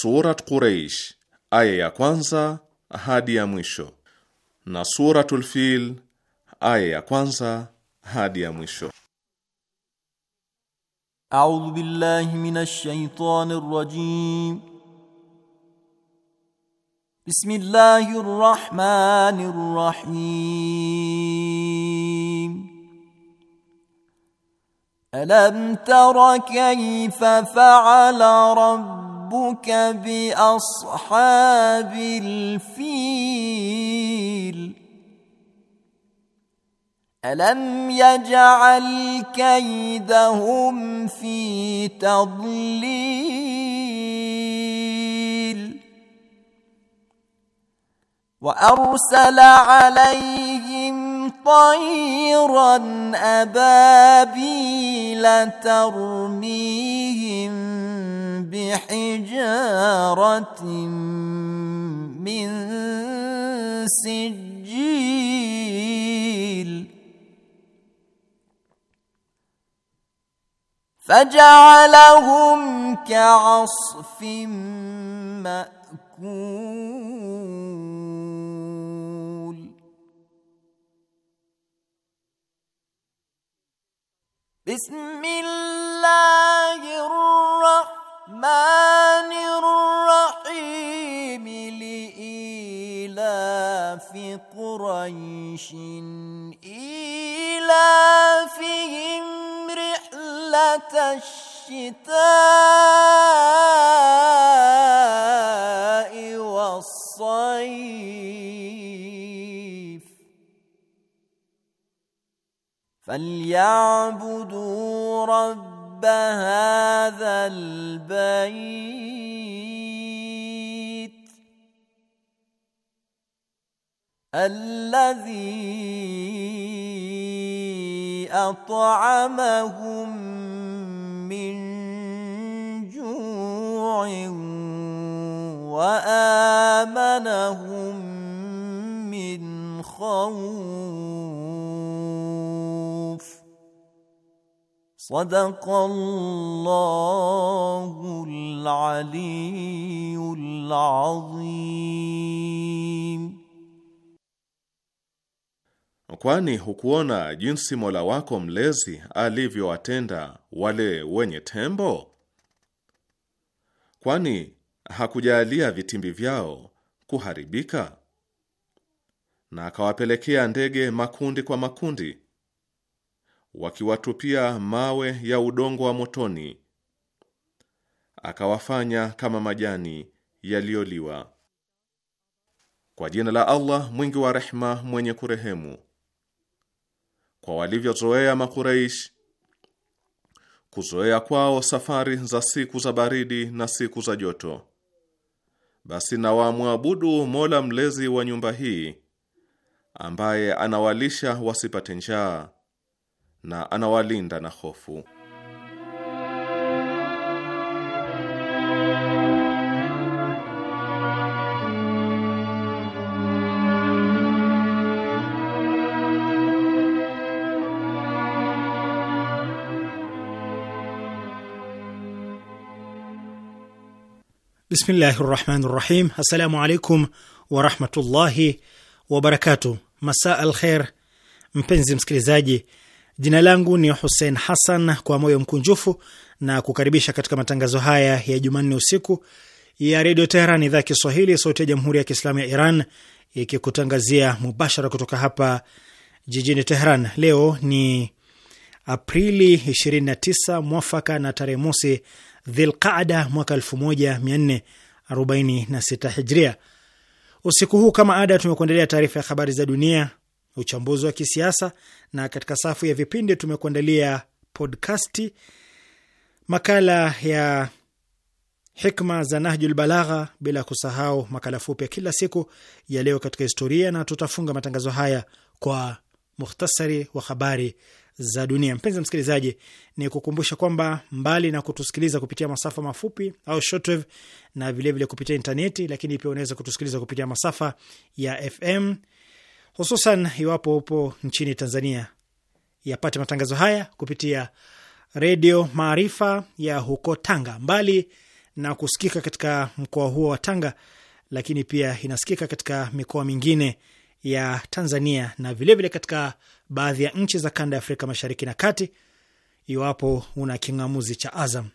Surat Quraish aya ya kwanza hadi ya mwisho na Suratul Fil aya ya kwanza hadi ya mwisho. A'udhu billahi minash shaitani rajim. Bismillahir rahmanir rahim. Alam tara kayfa fa'ala ربك ربك باصحاب الفيل الم يجعل كيدهم في تضليل وارسل عليهم طيرا ابابيل ترميهم بحجارة من سجيل فجعلهم كعصف مأكول بسم الله الرحمن الرحمن الرحيم لإلاف قريش إلافهم رحلة الشتاء والصيف فليعبدوا رب رب هذا البيت الذي اطعمهم من جوع وامنهم من خوف الله العلي العظيم Kwani hukuona jinsi Mola wako mlezi alivyowatenda wale wenye tembo? Kwani hakujalia vitimbi vyao kuharibika? Na akawapelekea ndege makundi kwa makundi wakiwatupia mawe ya udongo wa motoni, akawafanya kama majani yaliyoliwa. Kwa jina la Allah mwingi wa rehma, mwenye kurehemu. Kwa walivyozoea Makureish, kuzoea kwao safari za siku za baridi na siku za joto, basi na wamwabudu Mola mlezi wa nyumba hii ambaye anawalisha wasipate njaa na anawalinda na hofu. Bismillahi rahmani rahim. Assalamu alaikum warahmatullahi wabarakatu. Masaa al kher, mpenzi msikilizaji Jina langu ni Hussein Hassan, kwa moyo mkunjufu na kukaribisha katika matangazo haya ya Jumanne usiku ya Redio Teheran, idhaa ya Kiswahili, sauti ya Jamhuri ya Kiislamu ya Iran, ikikutangazia mubashara kutoka hapa jijini Teheran. Leo ni Aprili 29 mwafaka na tarehe mosi Dhilqaada mwaka 1446 Hijria. Usiku huu kama ada, tumekuandalia taarifa ya habari za dunia uchambuzi wa kisiasa, na katika safu ya vipindi tumekuandalia podkasti, makala ya hikma za Nahjul Balagha, bila kusahau makala fupi ya kila siku ya leo katika historia, na tutafunga matangazo haya kwa muhtasari wa habari za dunia. Mpenzi msikilizaji, ni kukumbusha kwamba mbali na kutusikiliza kupitia masafa mafupi au shortwave na vilevile kupitia intaneti, lakini pia unaweza kutusikiliza kupitia masafa ya FM hususan iwapo upo nchini Tanzania. Yapate matangazo haya kupitia Redio Maarifa ya huko Tanga, mbali na kusikika katika mkoa huo wa Tanga, lakini pia inasikika katika mikoa mingine ya Tanzania na vilevile vile katika baadhi ya nchi za kanda ya Afrika Mashariki na Kati, iwapo una king'amuzi cha Azam.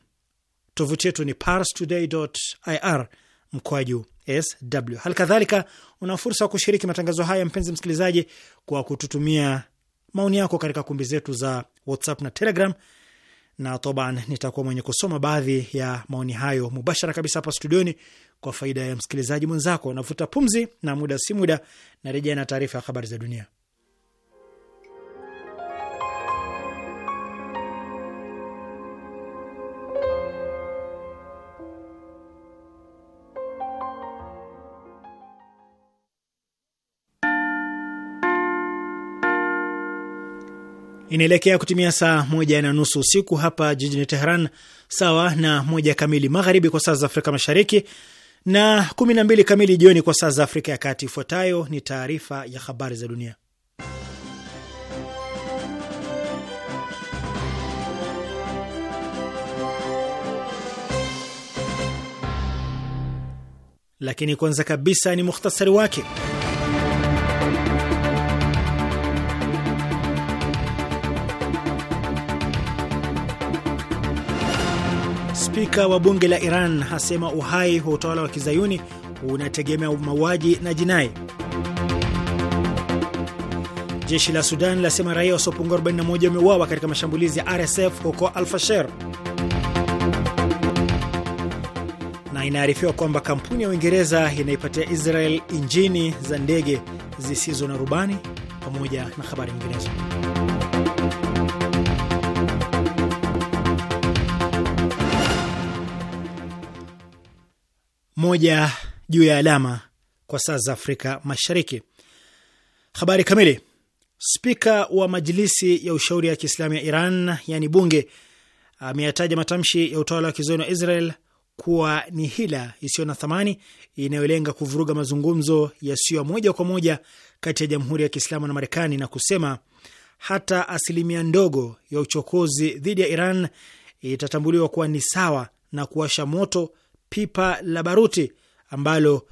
Tovuti yetu ni parstoday.ir mkwaju sw. Hali kadhalika una fursa wa kushiriki matangazo haya, mpenzi msikilizaji, kwa kututumia maoni yako katika kumbi zetu za WhatsApp na Telegram, na toban nitakuwa mwenye kusoma baadhi ya maoni hayo mubashara kabisa hapa studioni kwa faida ya msikilizaji mwenzako. Navuta pumzi, na muda si muda narejea na taarifa ya habari za dunia. inaelekea kutimia saa moja na nusu usiku hapa jijini Teheran, sawa na moja kamili magharibi kwa saa za Afrika Mashariki na kumi na mbili kamili jioni kwa saa za Afrika ya Kati. Ifuatayo ni taarifa ya habari za dunia, lakini kwanza kabisa ni mukhtasari wake. Spika wa bunge la Iran asema uhai wa utawala wa kizayuni unategemea mauaji na jinai. Jeshi la Sudan lasema raia wasiopungua 41 wameuawa katika mashambulizi ya RSF huko Alfasher, na inaarifiwa kwamba kampuni ya Uingereza inaipatia Israel injini za ndege zisizo na rubani, pamoja na habari nyinginezo. moja juu ya alama kwa saa za Afrika Mashariki. Habari kamili. Spika wa Majlisi ya Ushauri ya Kiislamu ya Iran, yani bunge, ameyataja matamshi ya utawala wa kizayuni wa Israel kuwa ni hila isiyo na thamani inayolenga kuvuruga mazungumzo yasiyo moja kwa moja kati ya Jamhuri ya Kiislamu na Marekani na kusema hata asilimia ndogo ya uchokozi dhidi ya Iran itatambuliwa kuwa ni sawa na kuwasha moto pipa la baruti ambalo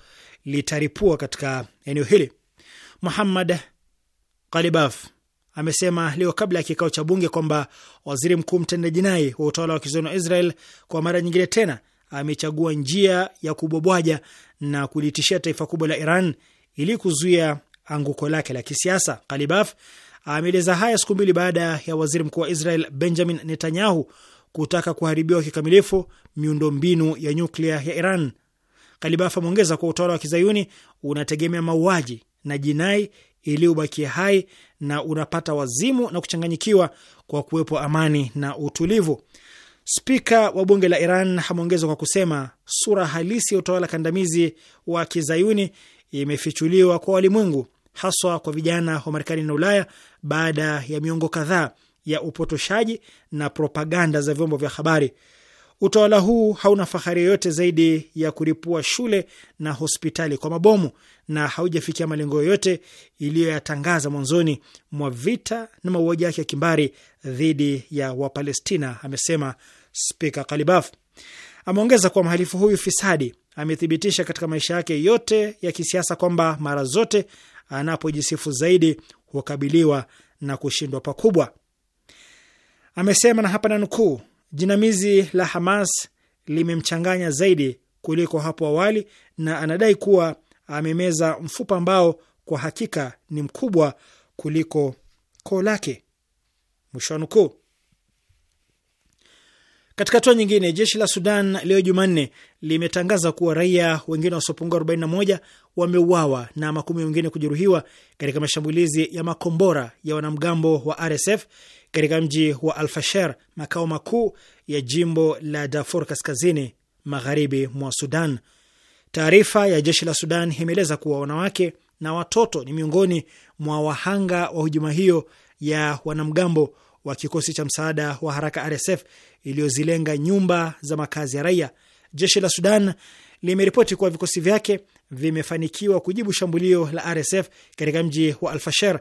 litaripua katika eneo hili. Muhammad Kalibaf amesema leo kabla ya kikao cha bunge kwamba waziri mkuu mtenda jinai wa utawala wa kizoni wa Israel kwa mara nyingine tena amechagua njia ya kubobwaja na kulitishia taifa kubwa la Iran ili kuzuia anguko lake la kisiasa. Kalibaf ameeleza haya siku mbili baada ya waziri mkuu wa Israel Benjamin Netanyahu kutaka kuharibiwa kikamilifu miundombinu ya nyuklia ya Iran. Kalibaf ameongeza kuwa utawala wa kizayuni unategemea mauaji na jinai ili ubakie hai na unapata wazimu na kuchanganyikiwa kwa kuwepo amani na utulivu. Spika wa bunge la Iran ameongeza kwa kusema, sura halisi ya utawala kandamizi wa kizayuni imefichuliwa kwa walimwengu, haswa kwa vijana wa Marekani na Ulaya baada ya miongo kadhaa ya upotoshaji na propaganda za vyombo vya habari. Utawala huu hauna fahari yoyote zaidi ya kulipua shule na hospitali kwa mabomu na haujafikia malengo yoyote iliyoyatangaza mwanzoni mwa vita na mauaji yake ya kimbari dhidi ya Wapalestina, amesema Spika Kalibaf. Ameongeza kuwa mhalifu huyu fisadi amethibitisha katika maisha yake yote ya kisiasa kwamba mara zote anapojisifu zaidi hukabiliwa na kushindwa pakubwa. Amesema na hapa nanukuu, jinamizi la Hamas limemchanganya zaidi kuliko hapo awali, na anadai kuwa amemeza mfupa ambao kwa hakika ni mkubwa kuliko koo lake, mwisho wa nukuu. Katika hatua nyingine, jeshi la Sudan leo Jumanne limetangaza kuwa raia wengine wasiopungua 41 wameuawa na makumi wengine kujeruhiwa katika mashambulizi ya makombora ya wanamgambo wa RSF katika mji wa Alfasher, makao makuu ya jimbo la Darfur kaskazini magharibi mwa Sudan. Taarifa ya jeshi la Sudan imeeleza kuwa wanawake na watoto ni miongoni mwa wahanga wa hujuma hiyo ya wanamgambo wa kikosi cha msaada wa haraka RSF iliyozilenga nyumba za makazi ya raia. Jeshi la Sudan limeripoti kuwa vikosi vyake vimefanikiwa kujibu shambulio la RSF katika mji wa Alfasher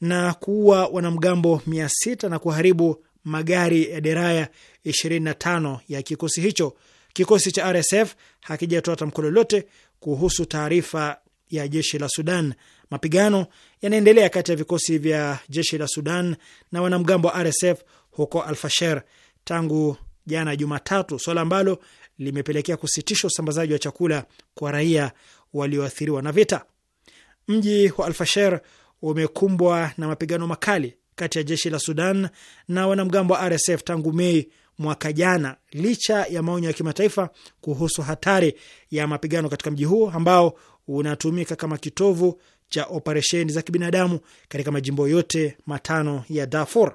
na kuua wanamgambo mia sita na kuharibu magari ya deraya 25 ya kikosi hicho. Kikosi cha RSF hakijatoa tamko lolote kuhusu taarifa ya jeshi la Sudan Mapigano yanaendelea kati ya vikosi vya jeshi la Sudan na wanamgambo wa RSF huko Alfasher tangu jana Jumatatu, swala ambalo limepelekea kusitishwa usambazaji wa chakula kwa raia walioathiriwa na vita. Mji wa Alfasher umekumbwa na mapigano makali kati ya jeshi la Sudan na wanamgambo wa RSF tangu Mei mwaka jana, licha ya maonyo ya kimataifa kuhusu hatari ya mapigano katika mji huo ambao unatumika kama kitovu cha operesheni za kibinadamu katika majimbo yote matano ya Darfur.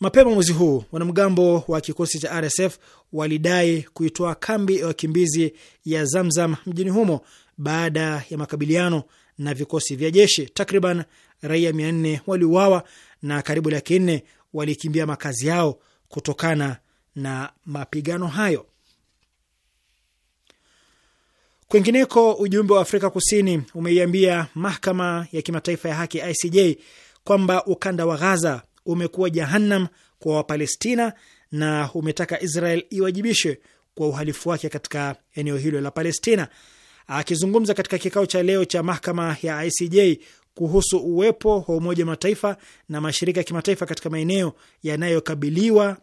Mapema mwezi huu wanamgambo wa kikosi cha RSF walidai kuitoa kambi ya wakimbizi ya Zamzam mjini humo baada ya makabiliano na vikosi vya jeshi. Takriban raia mia nne waliuawa na karibu laki nne walikimbia makazi yao kutokana na mapigano hayo. Kwingineko, ujumbe wa Afrika Kusini umeiambia mahakama ya kimataifa ya haki ICJ kwamba ukanda wa Ghaza umekuwa jahannam kwa Wapalestina na umetaka Israel iwajibishwe kwa uhalifu wake katika eneo hilo la Palestina. Akizungumza katika kikao cha leo cha mahakama ya ICJ kuhusu uwepo wa Umoja wa Mataifa na mashirika ya kimataifa katika maeneo yanayokabiliwa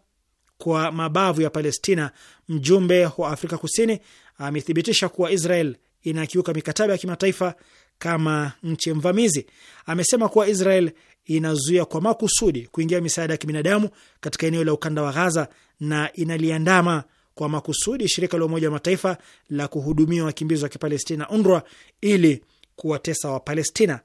kwa mabavu ya Palestina, mjumbe wa Afrika Kusini amethibitisha kuwa Israel inakiuka mikataba ya kimataifa kama nchi mvamizi. Amesema kuwa Israel inazuia kwa makusudi kuingia misaada ya kibinadamu katika eneo la ukanda wa Ghaza na inaliandama kwa makusudi shirika la Umoja wa Mataifa la kuhudumia wakimbizi wa Kipalestina, UNRWA, ili kuwatesa Wapalestina.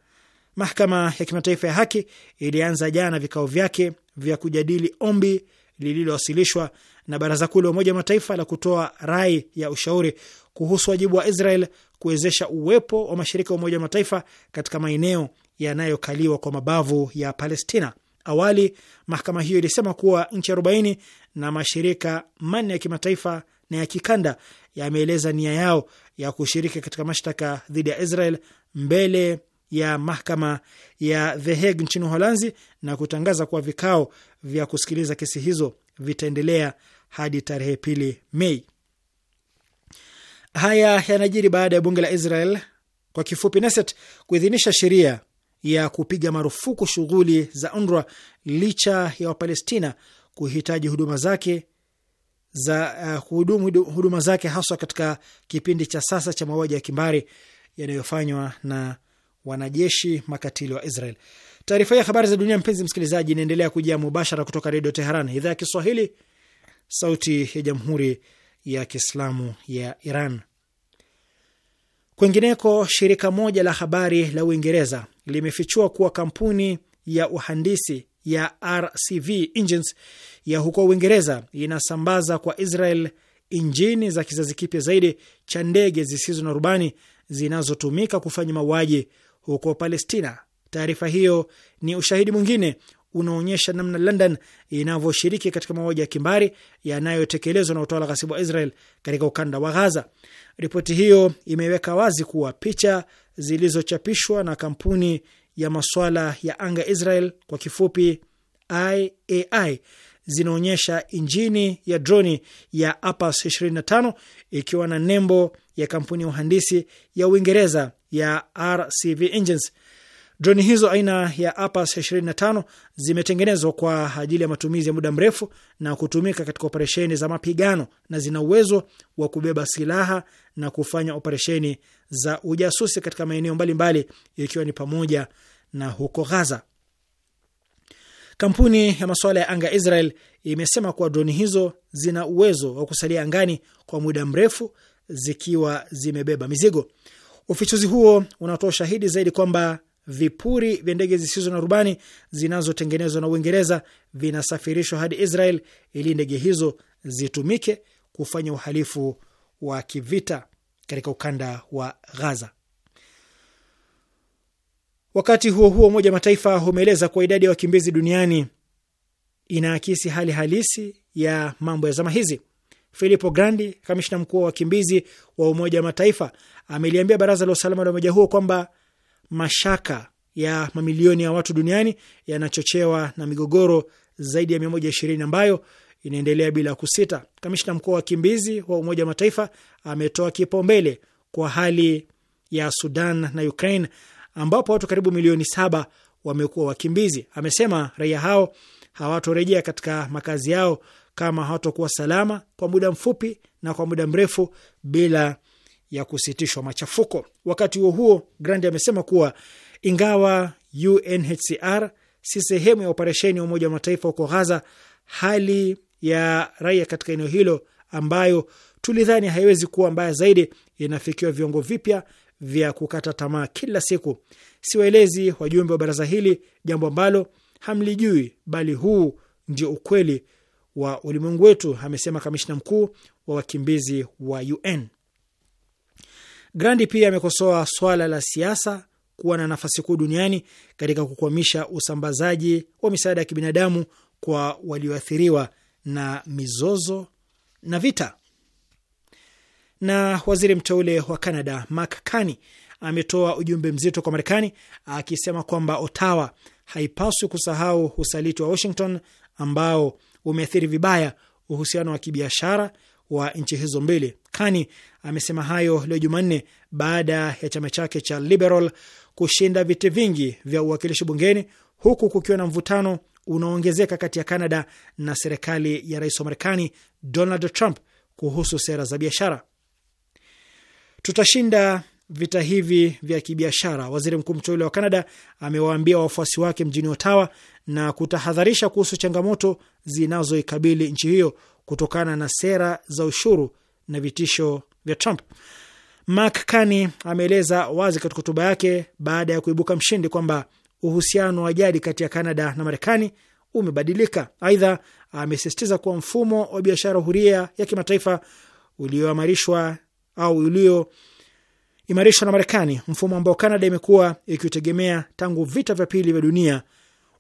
Mahakama ya Kimataifa ya Haki ilianza jana vikao vyake vya kujadili ombi lililowasilishwa na Baraza Kuu la Umoja wa Mataifa la kutoa rai ya ushauri kuhusu wajibu wa Israel kuwezesha uwepo wa mashirika ya Umoja wa Mataifa katika maeneo yanayokaliwa kwa mabavu ya Palestina. Awali mahakama hiyo ilisema kuwa nchi arobaini na mashirika manne ya kimataifa na ya kikanda yameeleza nia yao ya kushiriki katika mashtaka dhidi ya Israel mbele ya mahakama ya The Hague nchini Uholanzi na kutangaza kuwa vikao vya kusikiliza kesi hizo vitaendelea hadi tarehe pili Mei. Haya yanajiri baada ya bunge la Israel kwa kifupi Knesset kuidhinisha sheria ya kupiga marufuku shughuli za UNRWA licha ya Wapalestina kuhitaji huduma zake za uh, hudumu, huduma zake haswa katika kipindi cha sasa cha mauaji ya kimbari yanayofanywa na wanajeshi makatili wa Israel. Taarifa hii ya habari za dunia, mpenzi msikilizaji, inaendelea kujia mubashara kutoka Redio Teheran, idhaa ya Kiswahili, sauti ya jamhuri ya kiislamu ya Iran. Kwingineko, shirika moja la habari la Uingereza limefichua kuwa kampuni ya uhandisi ya RCV Engines ya huko Uingereza inasambaza kwa Israel injini za kizazi kipya zaidi cha ndege zisizo na rubani zinazotumika kufanya mauaji huko Palestina. Taarifa hiyo ni ushahidi mwingine unaonyesha namna London inavyoshiriki katika mauaji ya kimbari yanayotekelezwa na utawala ghasibu wa Israel katika ukanda wa Ghaza. Ripoti hiyo imeweka wazi kuwa picha zilizochapishwa na kampuni ya maswala ya anga Israel kwa kifupi IAI zinaonyesha injini ya droni ya Apas 25 ikiwa na nembo ya kampuni ya uhandisi ya Uingereza ya RCV Engines Droni hizo aina ya Apas 25 zimetengenezwa kwa ajili ya matumizi ya muda mrefu na kutumika katika operesheni za mapigano na zina uwezo wa kubeba silaha na kufanya operesheni za ujasusi katika maeneo mbalimbali ikiwa ni pamoja na huko Gaza. Kampuni ya masuala ya anga Israel imesema kuwa droni hizo zina uwezo wa kusalia angani kwa muda mrefu zikiwa zimebeba mizigo. Ufichuzi huo unatoa ushahidi zaidi kwamba vipuri vya ndege zisizo na rubani zinazotengenezwa na Uingereza vinasafirishwa hadi Israel ili ndege hizo zitumike kufanya uhalifu wa kivita katika ukanda wa Gaza. Wakati huo huo, Umoja wa Mataifa umeeleza kuwa idadi ya wa wakimbizi duniani inaakisi hali halisi ya mambo ya zama hizi. Filippo Grandi, kamishna mkuu wa wakimbizi wa Umoja wa Mataifa, ameliambia Baraza la Usalama la umoja huo kwamba mashaka ya mamilioni ya watu duniani yanachochewa na migogoro zaidi ya ishirini ambayo inaendelea bila kusita. Kamishna mkuu wa wakimbizi wa Umoja wa Mataifa ametoa kipaumbele kwa hali ya Sudan na Ukraine ambapo watu karibu milioni saba wamekuwa wakimbizi. Amesema raia hao hawatorejea katika makazi yao kama hawatokuwa salama kwa muda mfupi na kwa muda mrefu bila ya kusitishwa machafuko. Wakati huo huo, Grandi amesema kuwa ingawa UNHCR si sehemu ya operesheni ya Umoja wa Mataifa huko Ghaza, hali ya raia katika eneo hilo ambayo tulidhani haiwezi kuwa mbaya zaidi inafikiwa viwango vipya vya kukata tamaa kila siku. Siwaelezi wajumbe wa baraza hili jambo ambalo hamlijui, bali huu ndio ukweli wa ulimwengu wetu, amesema kamishna mkuu wa wakimbizi wa UN. Grandi pia amekosoa swala la siasa kuwa na nafasi kuu duniani katika kukwamisha usambazaji wa misaada ya kibinadamu kwa walioathiriwa na mizozo na vita. Na waziri mteule wa Canada Mark Carney ametoa ujumbe mzito kwa Marekani akisema kwamba Ottawa haipaswi kusahau usaliti wa Washington ambao umeathiri vibaya uhusiano wa kibiashara wa nchi hizo mbili. Kani amesema hayo leo Jumanne baada ya chama chake cha Liberal kushinda viti vingi vya uwakilishi bungeni huku kukiwa na mvutano unaoongezeka kati ya Canada na serikali ya rais wa Marekani Donald Trump kuhusu sera za biashara. Tutashinda vita hivi vya kibiashara, waziri mkuu mteule wa Canada amewaambia wafuasi wake mjini Ottawa na kutahadharisha kuhusu changamoto zinazoikabili nchi hiyo kutokana na sera za ushuru na vitisho vya Trump. Mark Carney ameeleza wazi katika hotuba yake baada ya kuibuka mshindi kwamba uhusiano wa jadi kati ya canada na Marekani umebadilika. Aidha, amesisitiza kuwa mfumo wa biashara huria ya kimataifa ulioimarishwa au ulioimarishwa na Marekani, mfumo ambao Canada imekuwa ikiutegemea tangu vita vya pili vya dunia,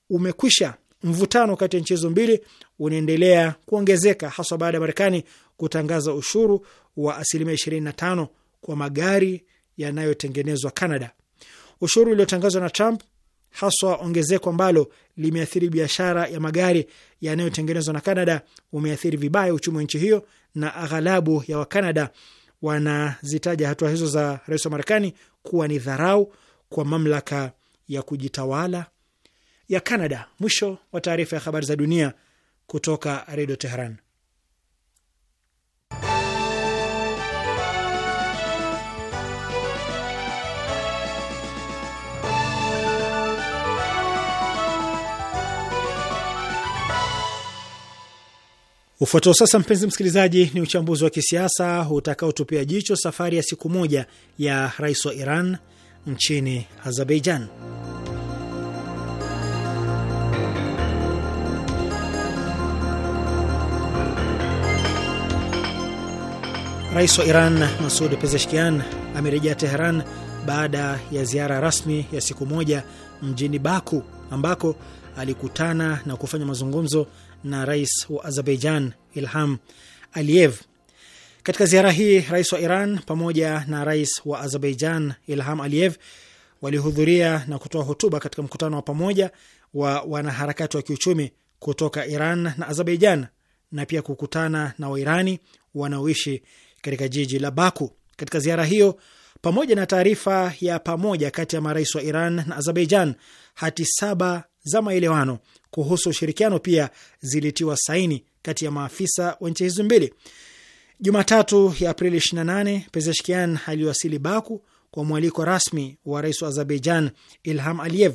umekwisha Mvutano kati ya nchi hizo mbili unaendelea kuongezeka haswa baada ya Marekani kutangaza ushuru wa asilimia 25 kwa magari yanayotengenezwa Canada, ushuru uliotangazwa na Trump, haswa ongezeko ambalo limeathiri biashara ya magari yanayotengenezwa na Canada, umeathiri vibaya uchumi wa nchi hiyo, na aghalabu ya Wakanada wanazitaja hatua hizo za rais wa Marekani kuwa ni dharau kwa mamlaka ya kujitawala ya Canada. Mwisho wa taarifa ya habari za dunia kutoka Redio Teheran. Ufuatao sasa, mpenzi msikilizaji, ni uchambuzi wa kisiasa utakaotupia jicho safari ya siku moja ya rais wa Iran nchini Azerbaijan. Rais wa Iran Masud Pezeshkian amerejea Teheran baada ya ziara rasmi ya siku moja mjini Baku ambako alikutana na kufanya mazungumzo na rais wa Azerbaijan Ilham Aliyev. Katika ziara hii, rais wa Iran pamoja na rais wa Azerbaijan Ilham Aliyev walihudhuria na kutoa hotuba katika mkutano wa pamoja wa wanaharakati wa kiuchumi kutoka Iran na Azerbaijan na pia kukutana na Wairani wanaoishi katika jiji la Baku. Katika ziara hiyo, pamoja na taarifa ya pamoja kati ya marais wa Iran na Azerbaijan, hati saba za maelewano kuhusu ushirikiano pia zilitiwa saini kati ya maafisa wa nchi hizo mbili. Jumatatu ya Aprili 28 Pezeshkian aliwasili Baku kwa mwaliko rasmi wa rais wa Azerbaijan Ilham Aliyev.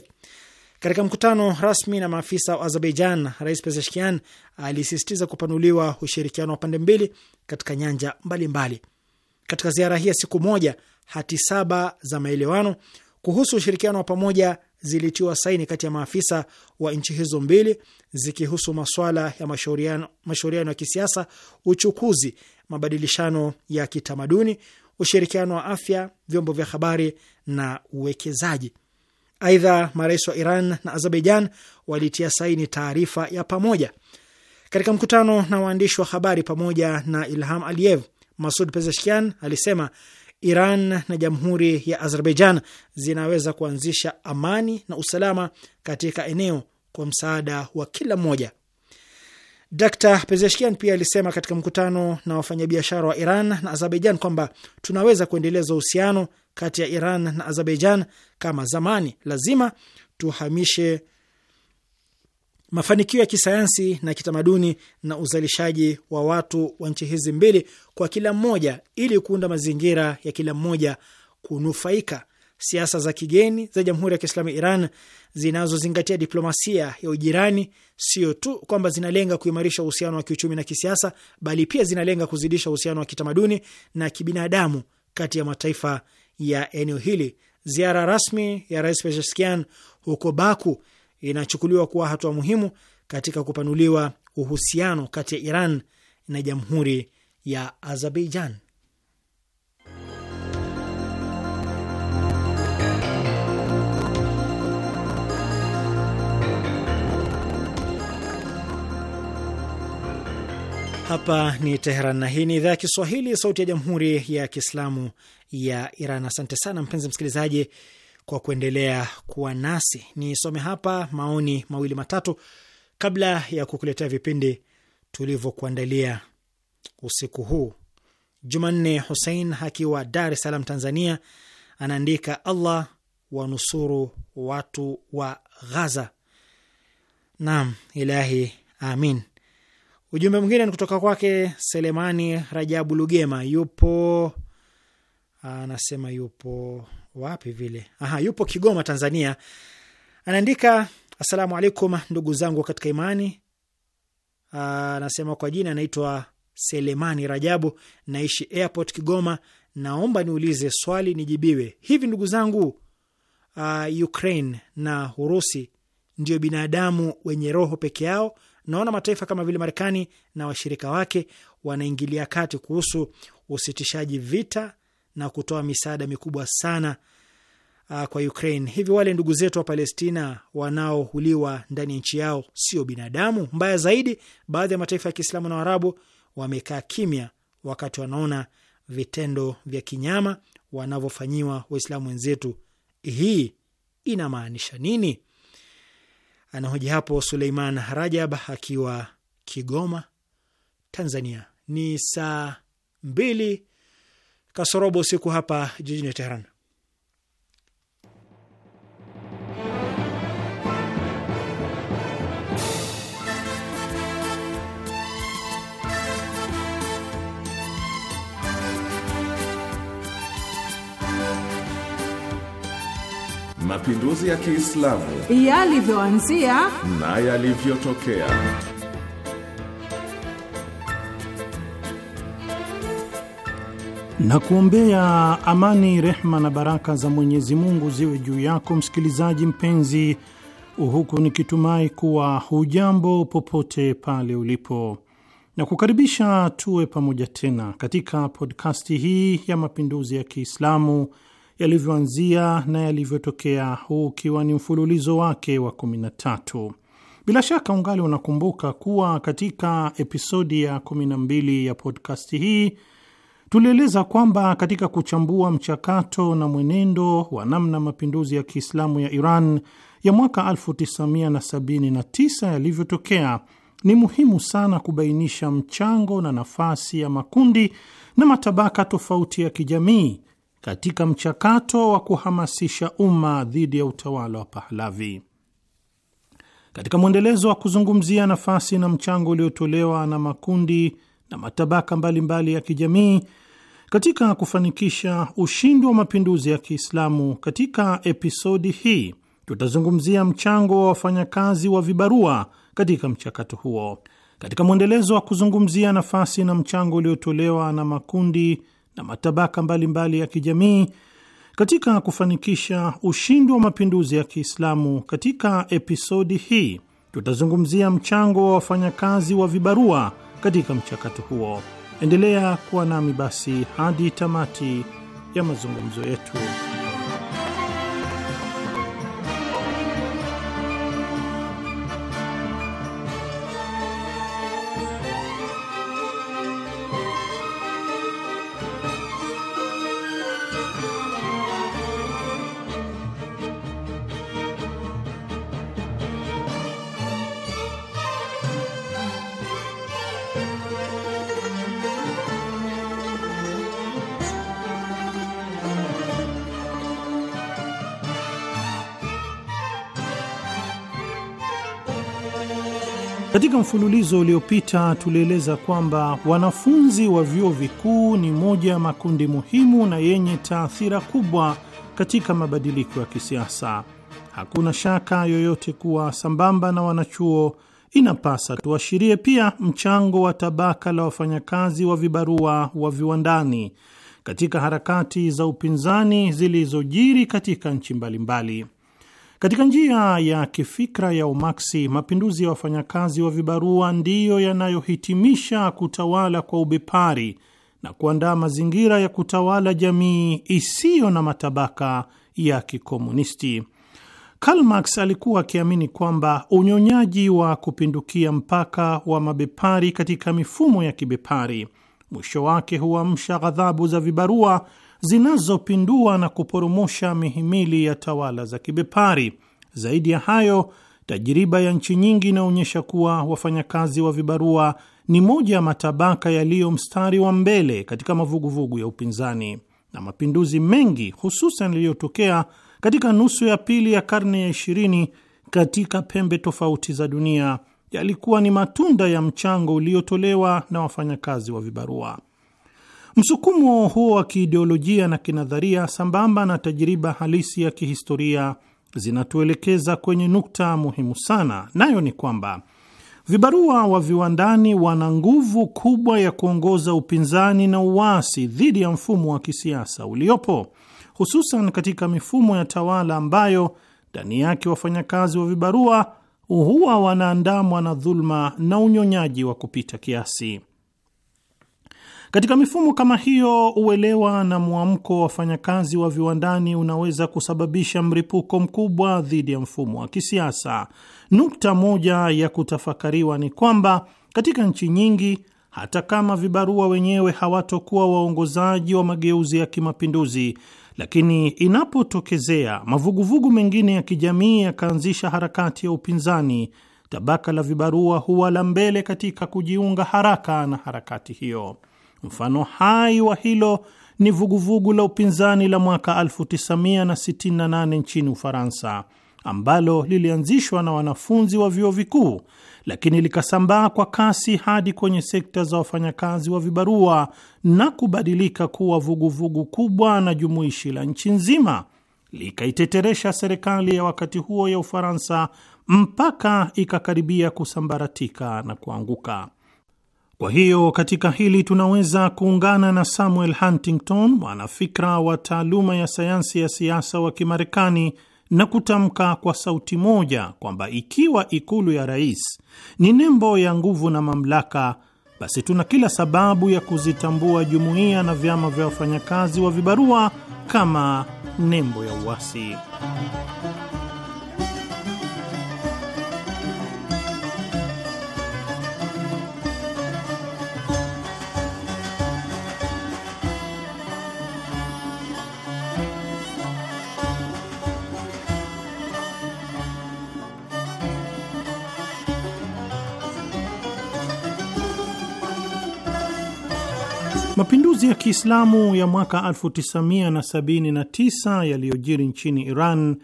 Katika mkutano rasmi na maafisa wa Azerbaijan, Rais Pezeshkian alisisitiza kupanuliwa ushirikiano wa pande mbili katika nyanja mbalimbali mbali. Katika ziara hii ya siku moja, hati saba za maelewano kuhusu ushirikiano wa pamoja zilitiwa saini kati ya maafisa wa nchi hizo mbili zikihusu maswala ya mashauriano, mashauriano ya kisiasa, uchukuzi, mabadilishano ya kitamaduni, ushirikiano wa afya, vyombo vya habari na uwekezaji. Aidha, marais wa Iran na Azerbaijan walitia saini taarifa ya pamoja. Katika mkutano na waandishi wa habari pamoja na Ilham Aliyev, Masud Pezeshkian alisema Iran na Jamhuri ya Azerbaijan zinaweza kuanzisha amani na usalama katika eneo kwa msaada wa kila mmoja. Dr Pezeshkian pia alisema katika mkutano na wafanyabiashara wa Iran na Azerbaijan kwamba tunaweza kuendeleza uhusiano kati ya Iran na Azerbaijan kama zamani, lazima tuhamishe mafanikio ya kisayansi na kitamaduni na uzalishaji wa watu wa nchi hizi mbili kwa kila mmoja, ili kuunda mazingira ya kila mmoja kunufaika. Siasa za kigeni za Jamhuri ya Kiislamu Iran zinazozingatia diplomasia ya ujirani sio tu kwamba zinalenga kuimarisha uhusiano wa kiuchumi na kisiasa, bali pia zinalenga kuzidisha uhusiano wa kitamaduni na kibinadamu kati ya mataifa ya eneo hili. Ziara rasmi ya Rais Pezeshkian huko Baku inachukuliwa kuwa hatua muhimu katika kupanuliwa uhusiano kati ya Iran na Jamhuri ya Azerbaijan. Hapa ni Teheran na hii ni idhaa ya Kiswahili, sauti ya jamhuri ya kiislamu ya Iran. Asante sana mpenzi msikilizaji kwa kuendelea kuwa nasi. Nisome hapa maoni mawili matatu kabla ya kukuletea vipindi tulivyokuandalia usiku huu. Jumanne Husein akiwa Dar es Salaam, Tanzania, anaandika Allah wanusuru watu wa Ghaza. Naam, ilahi amin. Ujumbe mwingine ni kutoka kwake Selemani Rajabu Lugema, yupo anasema, yupo wapi vile? Aha, yupo Kigoma, Tanzania. Anaandika, asalamu alaikum ndugu zangu katika imani. Ah, anasema kwa jina anaitwa Selemani Rajabu, naishi airport Kigoma. Naomba niulize swali nijibiwe. Hivi ndugu zangu, uh, Ukraine na Urusi ndio binadamu wenye roho peke yao? Naona mataifa kama vile Marekani na washirika wake wanaingilia kati kuhusu usitishaji vita na kutoa misaada mikubwa sana uh, kwa Ukraine. Hivi wale ndugu zetu wa Palestina wanaohuliwa ndani ya nchi yao sio binadamu? Mbaya zaidi, baadhi ya mataifa ya Kiislamu na waarabu wamekaa kimya wakati wanaona vitendo vya kinyama wanavyofanyiwa Waislamu wenzetu. Hii inamaanisha nini? Anahoji hapo Suleiman Rajab akiwa Kigoma, Tanzania. Ni saa mbili kasorobo usiku hapa jijini Teheran. Mapinduzi ya Kiislamu yalivyoanzia na yalivyotokea. na kuombea amani, rehma na baraka za Mwenyezi Mungu ziwe juu yako msikilizaji mpenzi, huku nikitumai kuwa hujambo popote pale ulipo, na kukaribisha tuwe pamoja tena katika podkasti hii ya mapinduzi ya Kiislamu yalivyoanzia na yalivyotokea, huu ukiwa ni mfululizo wake wa 13. Bila shaka ungali unakumbuka kuwa katika episodi ya 12 ya podkasti hii Tulieleza kwamba katika kuchambua mchakato na mwenendo wa namna mapinduzi ya Kiislamu ya Iran ya mwaka 1979 yalivyotokea, ni muhimu sana kubainisha mchango na nafasi ya makundi na matabaka tofauti ya kijamii katika mchakato wa kuhamasisha umma dhidi ya utawala wa Pahlavi. Katika mwendelezo wa kuzungumzia nafasi na mchango uliotolewa na makundi na matabaka mbalimbali mbali ya kijamii katika kufanikisha ushindi wa mapinduzi ya Kiislamu, katika episodi hii tutazungumzia mchango wa wafanyakazi wa vibarua katika mchakato huo, katika mwendelezo wa kuzungumzia nafasi na mchango uliotolewa na makundi na matabaka mbalimbali mbali ya kijamii katika kufanikisha ushindi wa mapinduzi ya Kiislamu. Katika episodi hii tutazungumzia mchango wa wafanyakazi wa vibarua katika mchakato huo. Endelea kuwa nami basi hadi tamati ya mazungumzo yetu. Katika mfululizo uliopita tulieleza kwamba wanafunzi wa vyuo vikuu ni moja ya makundi muhimu na yenye taathira kubwa katika mabadiliko ya kisiasa. Hakuna shaka yoyote kuwa sambamba na wanachuo, inapasa tuashirie pia mchango wa tabaka la wafanyakazi wa vibarua wa viwandani katika harakati za upinzani zilizojiri katika nchi mbalimbali. Katika njia ya kifikra ya Umaksi, mapinduzi ya wafanyakazi wa vibarua ndiyo yanayohitimisha kutawala kwa ubepari na kuandaa mazingira ya kutawala jamii isiyo na matabaka ya kikomunisti. Karl Marx alikuwa akiamini kwamba unyonyaji wa kupindukia mpaka wa mabepari katika mifumo ya kibepari mwisho wake huamsha ghadhabu za vibarua zinazopindua na kuporomosha mihimili ya tawala za kibepari. Zaidi ya hayo, tajiriba ya nchi nyingi inaonyesha kuwa wafanyakazi wa vibarua ni moja ya matabaka yaliyo mstari wa mbele katika mavuguvugu ya upinzani, na mapinduzi mengi hususan yaliyotokea katika nusu ya pili ya karne ya ishirini katika pembe tofauti za dunia yalikuwa ni matunda ya mchango uliotolewa na wafanyakazi wa vibarua. Msukumo huo wa kiideolojia na kinadharia, sambamba na tajiriba halisi ya kihistoria, zinatuelekeza kwenye nukta muhimu sana, nayo ni kwamba vibarua wa viwandani wana nguvu kubwa ya kuongoza upinzani na uasi dhidi ya mfumo wa kisiasa uliopo, hususan katika mifumo ya tawala ambayo ndani yake wafanyakazi wa vibarua huwa wanaandamwa na dhuluma na unyonyaji wa kupita kiasi. Katika mifumo kama hiyo, uelewa na mwamko wa wafanyakazi wa viwandani unaweza kusababisha mripuko mkubwa dhidi ya mfumo wa kisiasa. Nukta moja ya kutafakariwa ni kwamba katika nchi nyingi, hata kama vibarua wenyewe hawatokuwa waongozaji wa mageuzi ya kimapinduzi, lakini inapotokezea mavuguvugu mengine ya kijamii yakaanzisha harakati ya upinzani, tabaka la vibarua huwa la mbele katika kujiunga haraka na harakati hiyo. Mfano hai wa hilo ni vuguvugu la upinzani la mwaka 1968 nchini Ufaransa ambalo lilianzishwa na wanafunzi wa vyuo vikuu lakini likasambaa kwa kasi hadi kwenye sekta za wafanyakazi wa vibarua na kubadilika kuwa vuguvugu kubwa na jumuishi la nchi nzima, likaiteteresha serikali ya wakati huo ya Ufaransa mpaka ikakaribia kusambaratika na kuanguka. Kwa hiyo katika hili tunaweza kuungana na Samuel Huntington, mwanafikra wa taaluma ya sayansi ya siasa wa Kimarekani, na kutamka kwa sauti moja kwamba ikiwa ikulu ya rais ni nembo ya nguvu na mamlaka, basi tuna kila sababu ya kuzitambua jumuiya na vyama vya wafanyakazi wa vibarua kama nembo ya uasi. Mapinduzi ya Kiislamu ya mwaka 1979 yaliyojiri nchini Iran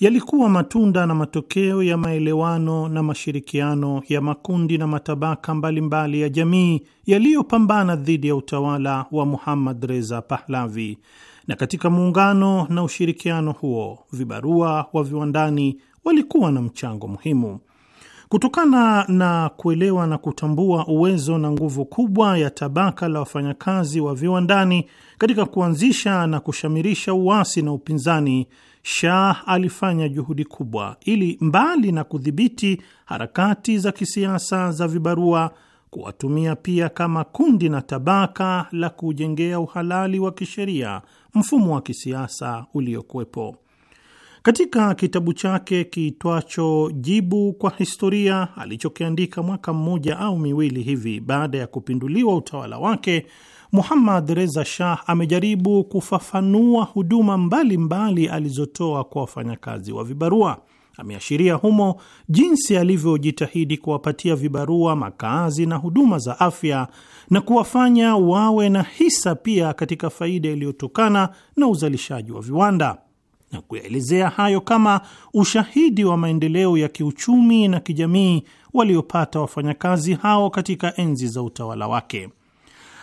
yalikuwa matunda na matokeo ya maelewano na mashirikiano ya makundi na matabaka mbalimbali mbali ya jamii yaliyopambana dhidi ya utawala wa Muhammad Reza Pahlavi. Na katika muungano na ushirikiano huo, vibarua wa viwandani walikuwa na mchango muhimu. Kutokana na kuelewa na kutambua uwezo na nguvu kubwa ya tabaka la wafanyakazi wa viwandani katika kuanzisha na kushamirisha uasi na upinzani, Shah alifanya juhudi kubwa ili mbali na kudhibiti harakati za kisiasa za vibarua, kuwatumia pia kama kundi na tabaka la kujengea uhalali wa kisheria mfumo wa kisiasa uliokuwepo. Katika kitabu chake kiitwacho Jibu kwa Historia alichokiandika mwaka mmoja au miwili hivi baada ya kupinduliwa utawala wake, Muhammad Reza Shah amejaribu kufafanua huduma mbalimbali alizotoa kwa wafanyakazi wa vibarua. Ameashiria humo jinsi alivyojitahidi kuwapatia vibarua makazi na huduma za afya na kuwafanya wawe na hisa pia katika faida iliyotokana na uzalishaji wa viwanda na kuyaelezea hayo kama ushahidi wa maendeleo ya kiuchumi na kijamii waliopata wafanyakazi hao katika enzi za utawala wake.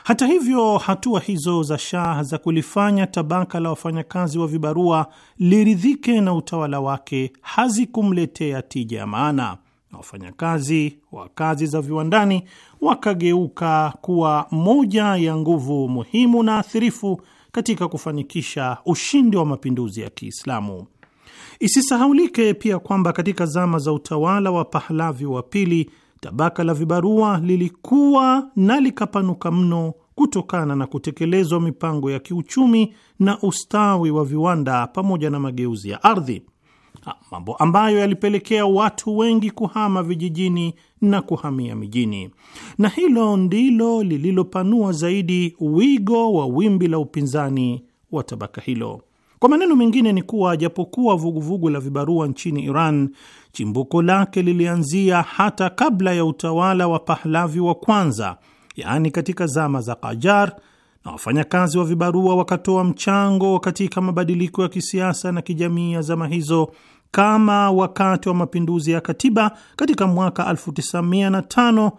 Hata hivyo, hatua hizo za Shah za kulifanya tabaka la wafanyakazi wa vibarua liridhike na utawala wake hazikumletea tija ya maana, na wafanyakazi wa kazi za viwandani wakageuka kuwa moja ya nguvu muhimu na athirifu katika kufanikisha ushindi wa mapinduzi ya Kiislamu. Isisahaulike pia kwamba katika zama za utawala wa Pahlavi wa pili, tabaka la vibarua lilikuwa na likapanuka mno kutokana na kutekelezwa mipango ya kiuchumi na ustawi wa viwanda pamoja na mageuzi ya ardhi, mambo ambayo yalipelekea watu wengi kuhama vijijini na kuhamia mijini, na hilo ndilo lililopanua zaidi wigo wa wimbi la upinzani wa tabaka hilo. Kwa maneno mengine ni kuwa japokuwa vuguvugu la vibarua nchini Iran chimbuko lake lilianzia hata kabla ya utawala wa Pahlavi wa kwanza, yaani katika zama za kajar na wafanyakazi wa vibarua wakatoa mchango katika mabadiliko ya kisiasa na kijamii ya zama hizo kama wakati wa mapinduzi ya katiba katika mwaka 1905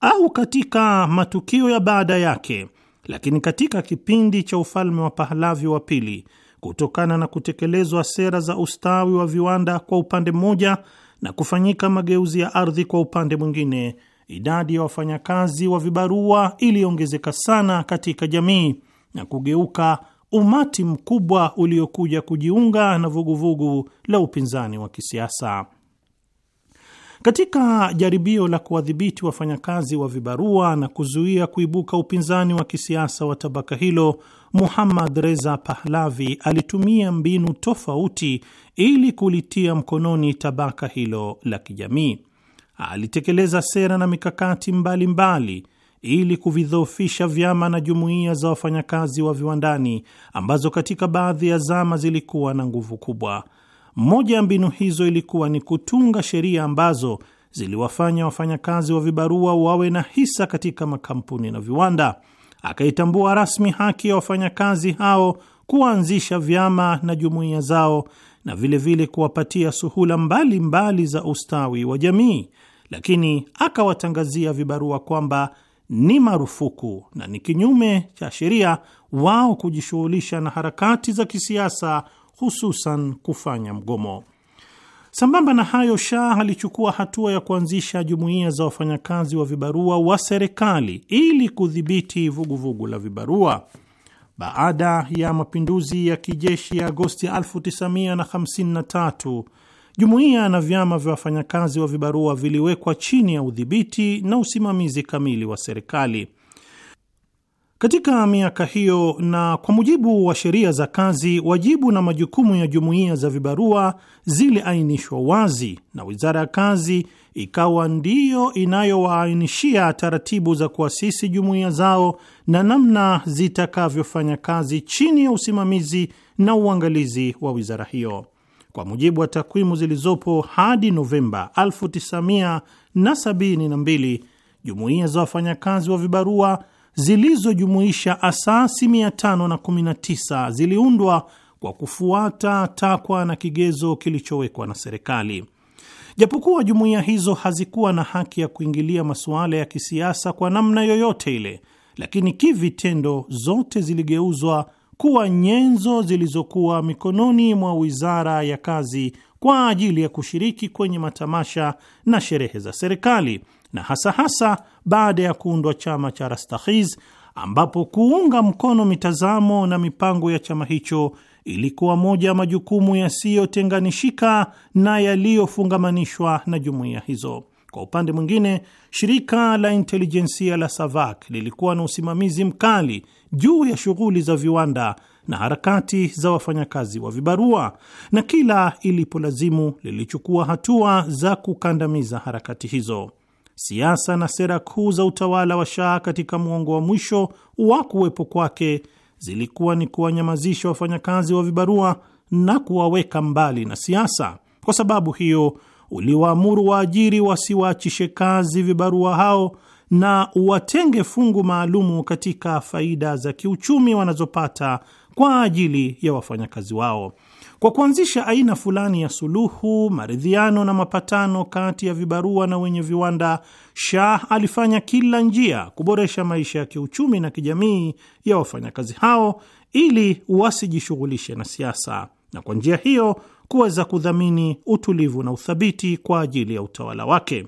au katika matukio ya baada yake, lakini katika kipindi cha ufalme wa Pahlavi wa pili, kutokana na kutekelezwa sera za ustawi wa viwanda kwa upande mmoja na kufanyika mageuzi ya ardhi kwa upande mwingine, idadi ya wafanyakazi wa vibarua iliongezeka sana katika jamii na kugeuka umati mkubwa uliokuja kujiunga na vuguvugu la upinzani wa kisiasa. Katika jaribio la kuwadhibiti wafanyakazi wa vibarua na kuzuia kuibuka upinzani wa kisiasa wa tabaka hilo, Muhammad Reza Pahlavi alitumia mbinu tofauti ili kulitia mkononi tabaka hilo la kijamii. Alitekeleza sera na mikakati mbalimbali mbali ili kuvidhoofisha vyama na jumuiya za wafanyakazi wa viwandani ambazo katika baadhi ya zama zilikuwa na nguvu kubwa. Moja ya mbinu hizo ilikuwa ni kutunga sheria ambazo ziliwafanya wafanyakazi wa vibarua wawe na hisa katika makampuni na viwanda. Akaitambua rasmi haki ya wafanyakazi hao kuanzisha vyama na jumuiya zao na vilevile kuwapatia suhula mbalimbali mbali za ustawi wa jamii, lakini akawatangazia vibarua kwamba ni marufuku na ni kinyume cha sheria wao kujishughulisha na harakati za kisiasa, hususan kufanya mgomo. Sambamba na hayo, Shah alichukua hatua ya kuanzisha jumuiya za wafanyakazi wa vibarua wa serikali ili kudhibiti vuguvugu la vibarua. Baada ya mapinduzi ya kijeshi ya Agosti 1953 Jumuiya na vyama vya wafanyakazi wa vibarua viliwekwa chini ya udhibiti na usimamizi kamili wa serikali katika miaka hiyo, na kwa mujibu wa sheria za kazi, wajibu na majukumu ya jumuiya za vibarua ziliainishwa wazi, na wizara ya kazi ikawa ndiyo inayowaainishia taratibu za kuasisi jumuiya zao na namna zitakavyofanya kazi chini ya usimamizi na uangalizi wa wizara hiyo. Kwa mujibu wa takwimu zilizopo hadi Novemba 1972 jumuiya za wafanyakazi wa vibarua zilizojumuisha asasi 519 ziliundwa kwa kufuata takwa na kigezo kilichowekwa na serikali. Japokuwa jumuiya hizo hazikuwa na haki ya kuingilia masuala ya kisiasa kwa namna yoyote ile, lakini kivitendo zote ziligeuzwa kuwa nyenzo zilizokuwa mikononi mwa Wizara ya Kazi kwa ajili ya kushiriki kwenye matamasha na sherehe za serikali na hasa hasa baada ya kuundwa chama cha Rastakhiz, ambapo kuunga mkono mitazamo na mipango ya chama hicho ilikuwa moja ya majukumu yasiyotenganishika na yaliyofungamanishwa na jumuiya hizo. Kwa upande mwingine, shirika la intelijensia la SAVAK lilikuwa na usimamizi mkali juu ya shughuli za viwanda na harakati za wafanyakazi wa vibarua, na kila ilipolazimu lilichukua hatua za kukandamiza harakati hizo. Siasa na sera kuu za utawala wa Shah katika mwongo wa mwisho wa kuwepo kwake zilikuwa ni kuwanyamazisha wafanyakazi wa vibarua na kuwaweka mbali na siasa. Kwa sababu hiyo, uliwaamuru waajiri wasiwaachishe kazi vibarua hao na watenge fungu maalumu katika faida za kiuchumi wanazopata kwa ajili ya wafanyakazi wao. Kwa kuanzisha aina fulani ya suluhu, maridhiano na mapatano kati ya vibarua na wenye viwanda, Shah alifanya kila njia kuboresha maisha ya kiuchumi na kijamii ya wafanyakazi hao ili wasijishughulishe na siasa, na kwa njia hiyo kuweza kudhamini utulivu na uthabiti kwa ajili ya utawala wake.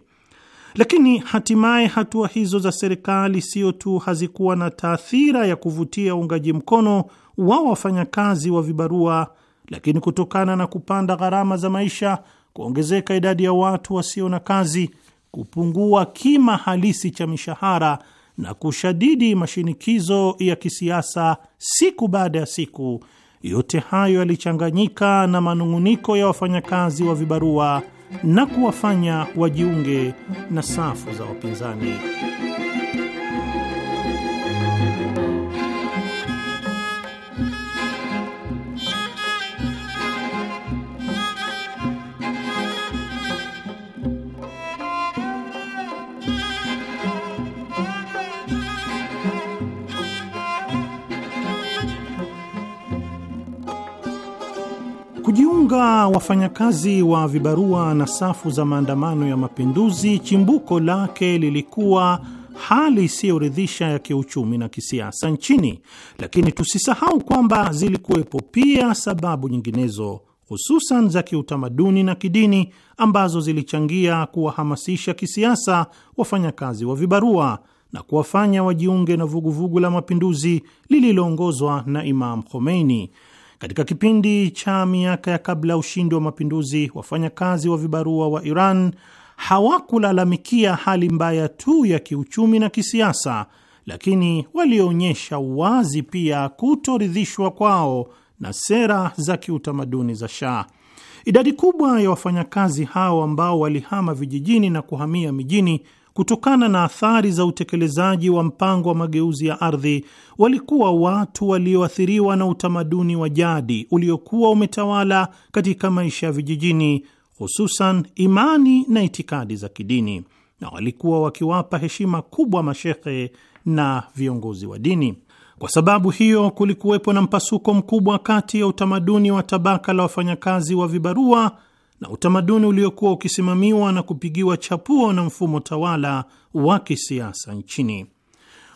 Lakini hatimaye hatua hizo za serikali sio tu hazikuwa na taathira ya kuvutia uungaji mkono wa wafanyakazi wa vibarua, lakini kutokana na kupanda gharama za maisha, kuongezeka idadi ya watu wasio na kazi, kupungua kima halisi cha mishahara na kushadidi mashinikizo ya kisiasa siku baada ya siku, yote hayo yalichanganyika na manung'uniko ya wafanyakazi wa vibarua na kuwafanya wajiunge na safu za wapinzani. Kujiunga wafanyakazi wa vibarua na safu za maandamano ya mapinduzi, chimbuko lake lilikuwa hali isiyoridhisha ya kiuchumi na kisiasa nchini, lakini tusisahau kwamba zilikuwepo pia sababu nyinginezo hususan za kiutamaduni na kidini ambazo zilichangia kuwahamasisha kisiasa wafanyakazi wa vibarua na kuwafanya wajiunge na vuguvugu la mapinduzi lililoongozwa na Imam Khomeini katika kipindi cha miaka ya kabla ya ushindi wa mapinduzi, wafanyakazi wa vibarua wa Iran hawakulalamikia hali mbaya tu ya kiuchumi na kisiasa, lakini walionyesha wazi pia kutoridhishwa kwao na sera za kiutamaduni za Shah. Idadi kubwa ya wafanyakazi hao ambao walihama vijijini na kuhamia mijini kutokana na athari za utekelezaji wa mpango wa mageuzi ya ardhi, walikuwa watu walioathiriwa na utamaduni wa jadi uliokuwa umetawala katika maisha ya vijijini, hususan imani na itikadi za kidini, na walikuwa wakiwapa heshima kubwa mashehe na viongozi wa dini. Kwa sababu hiyo, kulikuwepo na mpasuko mkubwa kati ya utamaduni wa tabaka la wafanyakazi wa vibarua na utamaduni uliokuwa ukisimamiwa na kupigiwa chapuo na mfumo tawala wa kisiasa nchini.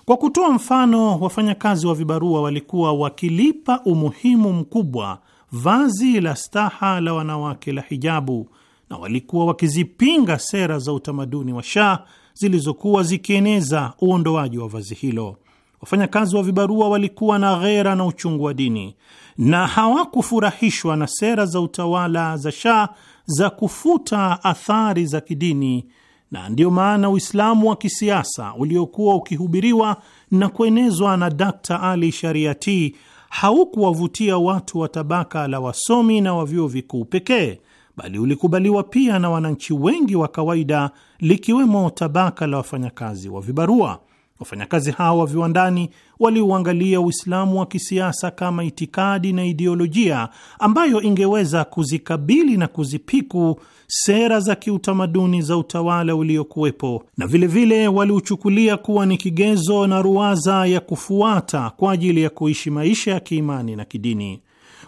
Kwa kutoa mfano, wafanyakazi wa vibarua walikuwa wakilipa umuhimu mkubwa vazi la staha la wanawake la hijabu, na walikuwa wakizipinga sera za utamaduni wa Shah zilizokuwa zikieneza uondoaji wa vazi hilo. Wafanyakazi wa vibarua walikuwa na ghera na uchungu wa dini na hawakufurahishwa na sera za utawala za Shah za kufuta athari za kidini, na ndiyo maana Uislamu wa kisiasa uliokuwa ukihubiriwa na kuenezwa na Dkt. Ali Shariati haukuwavutia watu wa tabaka la wasomi na wa vyuo vikuu pekee, bali ulikubaliwa pia na wananchi wengi wa kawaida, likiwemo tabaka la wafanyakazi wa vibarua. Wafanyakazi hao wa viwandani waliuangalia Uislamu wa kisiasa kama itikadi na ideolojia ambayo ingeweza kuzikabili na kuzipiku sera za kiutamaduni za utawala uliokuwepo, na vilevile waliuchukulia kuwa ni kigezo na ruwaza ya kufuata kwa ajili ya kuishi maisha ya kiimani na kidini.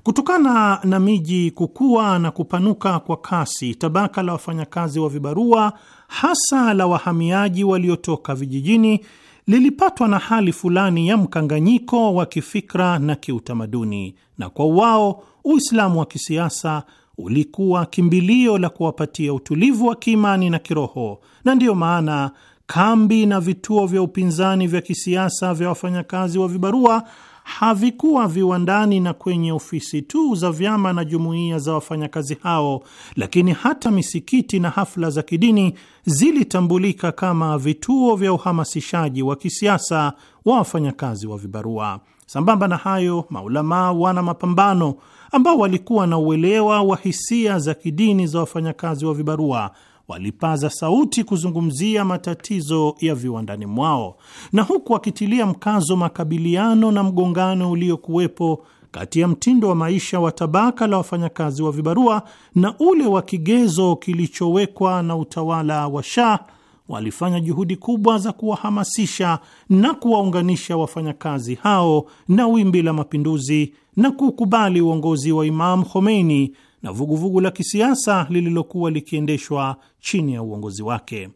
Kutokana na miji kukua na kupanuka kwa kasi, tabaka la wafanyakazi wa vibarua hasa la wahamiaji waliotoka vijijini lilipatwa na hali fulani ya mkanganyiko wa kifikra na kiutamaduni, na kwa wao Uislamu wa kisiasa ulikuwa kimbilio la kuwapatia utulivu wa kiimani na kiroho, na ndiyo maana kambi na vituo vya upinzani vya kisiasa vya wafanyakazi wa vibarua havikuwa viwandani na kwenye ofisi tu za vyama na jumuiya za wafanyakazi hao, lakini hata misikiti na hafla za kidini zilitambulika kama vituo vya uhamasishaji wa kisiasa wa wafanyakazi wa vibarua. Sambamba na hayo, maulamaa wana mapambano ambao walikuwa na uelewa wa hisia za kidini za wafanyakazi wa vibarua walipaza sauti kuzungumzia matatizo ya viwandani mwao, na huku wakitilia mkazo makabiliano na mgongano uliokuwepo kati ya mtindo wa maisha wa tabaka la wafanyakazi wa vibarua na ule wa kigezo kilichowekwa na utawala wa Shah, walifanya juhudi kubwa za kuwahamasisha na kuwaunganisha wafanyakazi hao na wimbi la mapinduzi na kukubali uongozi wa Imam Khomeini na vuguvugu vugu la kisiasa lililokuwa likiendeshwa chini ya uongozi wake.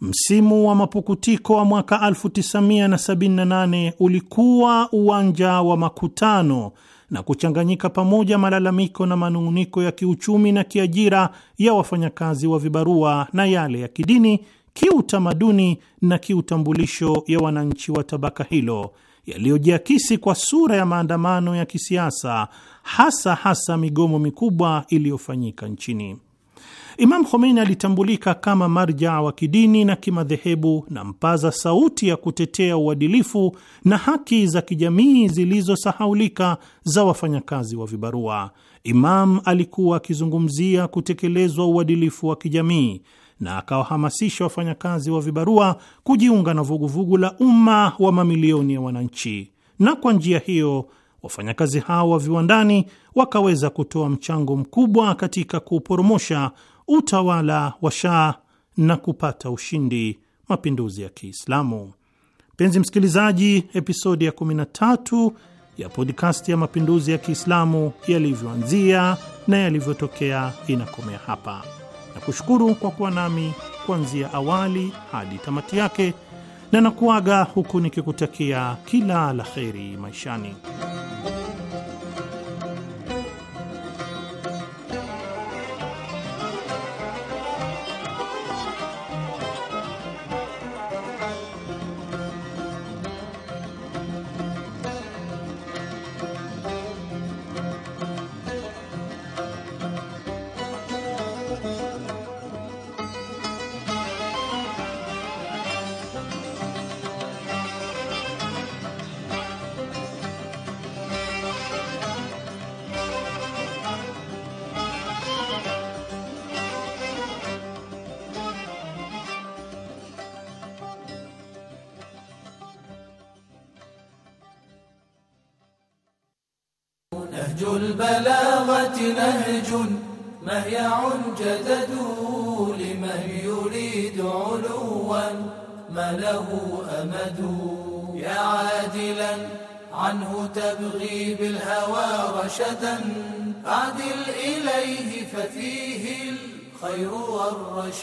Msimu wa mapukutiko wa mwaka 1978 ulikuwa uwanja wa makutano na kuchanganyika pamoja malalamiko na manung'uniko ya kiuchumi na kiajira ya wafanyakazi wa vibarua na yale ya kidini, kiutamaduni na kiutambulisho ya wananchi wa tabaka hilo yaliyojiakisi kwa sura ya maandamano ya kisiasa hasa hasa migomo mikubwa iliyofanyika nchini. Imam Khomeini alitambulika kama marjaa wa kidini na kimadhehebu na mpaza sauti ya kutetea uadilifu na haki za kijamii zilizosahaulika za wafanyakazi wa vibarua. Imam alikuwa akizungumzia kutekelezwa uadilifu wa kijamii na akawahamasisha wafanyakazi wa vibarua kujiunga na vuguvugu la umma wa mamilioni ya wananchi, na kwa njia hiyo wafanyakazi hao wa viwandani wakaweza kutoa mchango mkubwa katika kuporomosha utawala wa Shah na kupata ushindi mapinduzi ya Kiislamu. Mpenzi msikilizaji, episodi ya 13 ya podkasti ya mapinduzi ya Kiislamu yalivyoanzia na yalivyotokea inakomea hapa, na kushukuru kwa kuwa nami kuanzia awali hadi tamati yake na nakuaga huku nikikutakia kila la kheri maishani.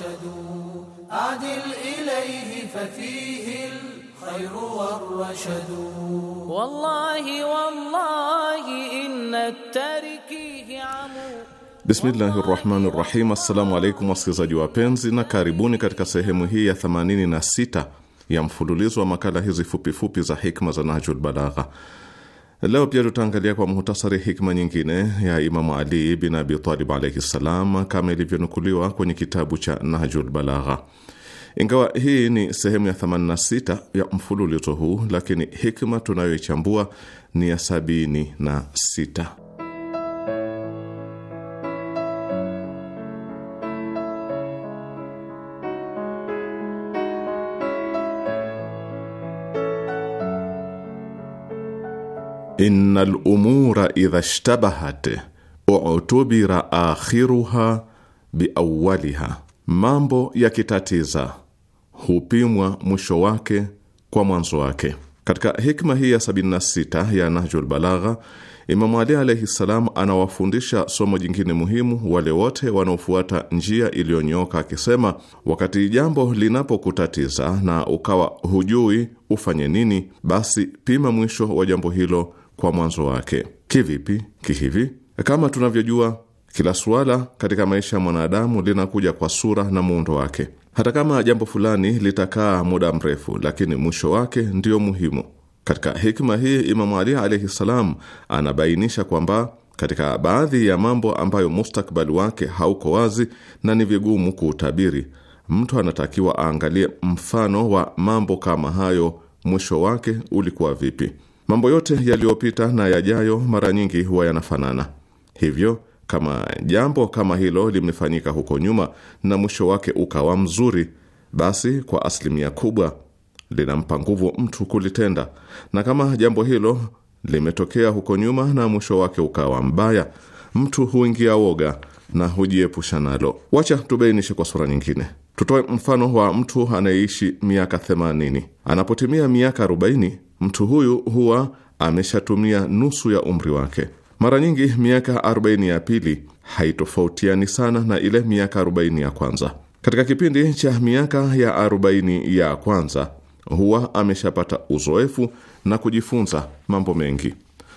والرشد أعدل إليه ففيه الخير والرشد والله والله إن التاركيه عمو Bismillahi rahmani rahim. Assalamu alaikum wasikilizaji wapenzi, na karibuni katika sehemu hii ya 86 ya mfululizo wa makala hizi fupifupi fupi za hikma za Nahjul Balagha. Leo pia tutaangalia kwa muhtasari hikma nyingine ya Imamu Ali bin Abi Talib alaihi ssalam, kama ilivyonukuliwa kwenye kitabu cha Nahjul Balagha. Ingawa hii ni sehemu ya 86 ya mfululizo huu, lakini hikma tunayoichambua ni ya 76 anna al-umura idha ishtabahat utubira akhiruha biawaliha, mambo yakitatiza hupimwa mwisho wake kwa mwanzo wake. Katika hikma hii ya 76 ya Nahjul Balagha, Imamu Ali alaihi ssalam anawafundisha somo jingine muhimu wale wote wanaofuata njia iliyonyooka, akisema, wakati jambo linapokutatiza na ukawa hujui ufanye nini, basi pima mwisho wa jambo hilo kwa mwanzo wake. Kivipi? Kihivi. Kama tunavyojua, kila suala katika maisha ya mwanadamu linakuja kwa sura na muundo wake. Hata kama jambo fulani litakaa muda mrefu, lakini mwisho wake ndiyo muhimu. Katika hikma hii, Imamu Ali alaihi ssalam anabainisha kwamba katika baadhi ya mambo ambayo mustakbali wake hauko wazi na ni vigumu kuutabiri, mtu anatakiwa aangalie mfano wa mambo kama hayo, mwisho wake ulikuwa vipi. Mambo yote yaliyopita na yajayo mara nyingi huwa yanafanana. Hivyo kama jambo kama hilo limefanyika huko nyuma na mwisho wake ukawa mzuri, basi kwa asilimia kubwa linampa nguvu mtu kulitenda, na kama jambo hilo limetokea huko nyuma na mwisho wake ukawa mbaya, mtu huingia woga na hujiepusha nalo. Wacha tubainishe kwa sura nyingine. Tutoe mfano wa mtu anayeishi miaka themanini. Anapotimia miaka arobaini mtu huyu huwa ameshatumia nusu ya umri wake. Mara nyingi miaka 40 ya pili haitofautiani sana na ile miaka 40 ya kwanza. Katika kipindi cha miaka ya 40 ya kwanza huwa ameshapata uzoefu na kujifunza mambo mengi.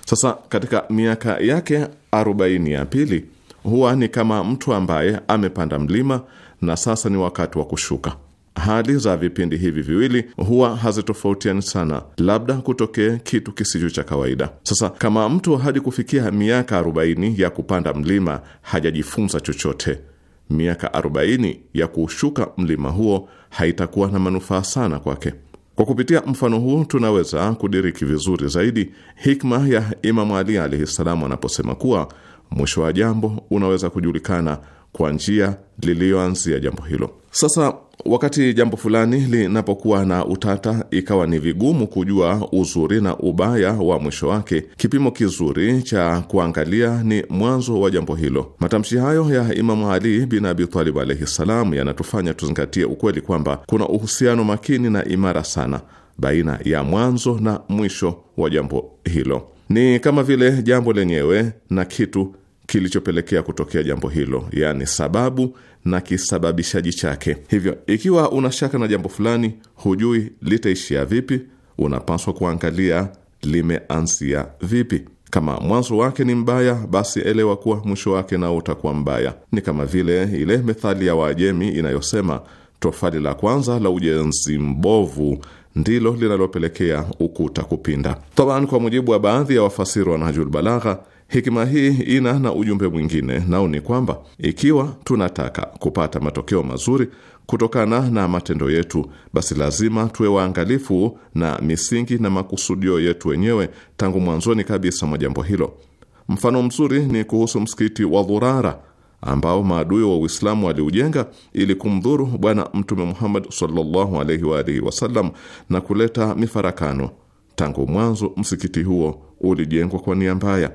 Sasa katika miaka yake 40 ya pili huwa ni kama mtu ambaye amepanda mlima na sasa ni wakati wa kushuka. Hali za vipindi hivi viwili huwa hazitofautiani sana, labda kutokee kitu kisicho cha kawaida. Sasa kama mtu hadi kufikia miaka arobaini ya kupanda mlima hajajifunza chochote, miaka arobaini ya kuushuka mlima huo haitakuwa na manufaa sana kwake. Kwa kupitia mfano huu tunaweza kudiriki vizuri zaidi hikma ya Imamu Ali alaihi salamu anaposema kuwa mwisho wa jambo unaweza kujulikana kwa njia liliyoanzia jambo hilo. Sasa wakati jambo fulani linapokuwa na utata, ikawa ni vigumu kujua uzuri na ubaya wa mwisho wake, kipimo kizuri cha kuangalia ni mwanzo wa jambo hilo. Matamshi hayo ya Imamu Ali bin Abi Talib alaihi ssalam yanatufanya tuzingatie ukweli kwamba kuna uhusiano makini na imara sana baina ya mwanzo na mwisho wa jambo hilo. Ni kama vile jambo lenyewe na kitu kilichopelekea kutokea jambo hilo, yaani sababu na kisababishaji chake. Hivyo, ikiwa una shaka na jambo fulani, hujui litaishia vipi, unapaswa kuangalia limeanzia vipi. Kama mwanzo wake ni mbaya, basi elewa kuwa mwisho wake nao utakuwa mbaya. Ni kama vile ile methali ya Waajemi inayosema tofali la kwanza la ujenzi mbovu ndilo linalopelekea ukuta kupinda. Taban, kwa mujibu wa baadhi ya wafasiri wa Nahjul Balagha, Hikima hii ina na ujumbe mwingine, nao ni kwamba ikiwa tunataka kupata matokeo mazuri kutokana na matendo yetu, basi lazima tuwe waangalifu na misingi na makusudio yetu wenyewe tangu mwanzoni kabisa mwa jambo hilo. Mfano mzuri ni kuhusu msikiti wa Dhurara ambao maadui wa Uislamu waliujenga ili kumdhuru Bwana Mtume Muhammad sallallahu alaihi wa alihi wasallam na kuleta mifarakano. Tangu mwanzo msikiti huo ulijengwa kwa nia mbaya.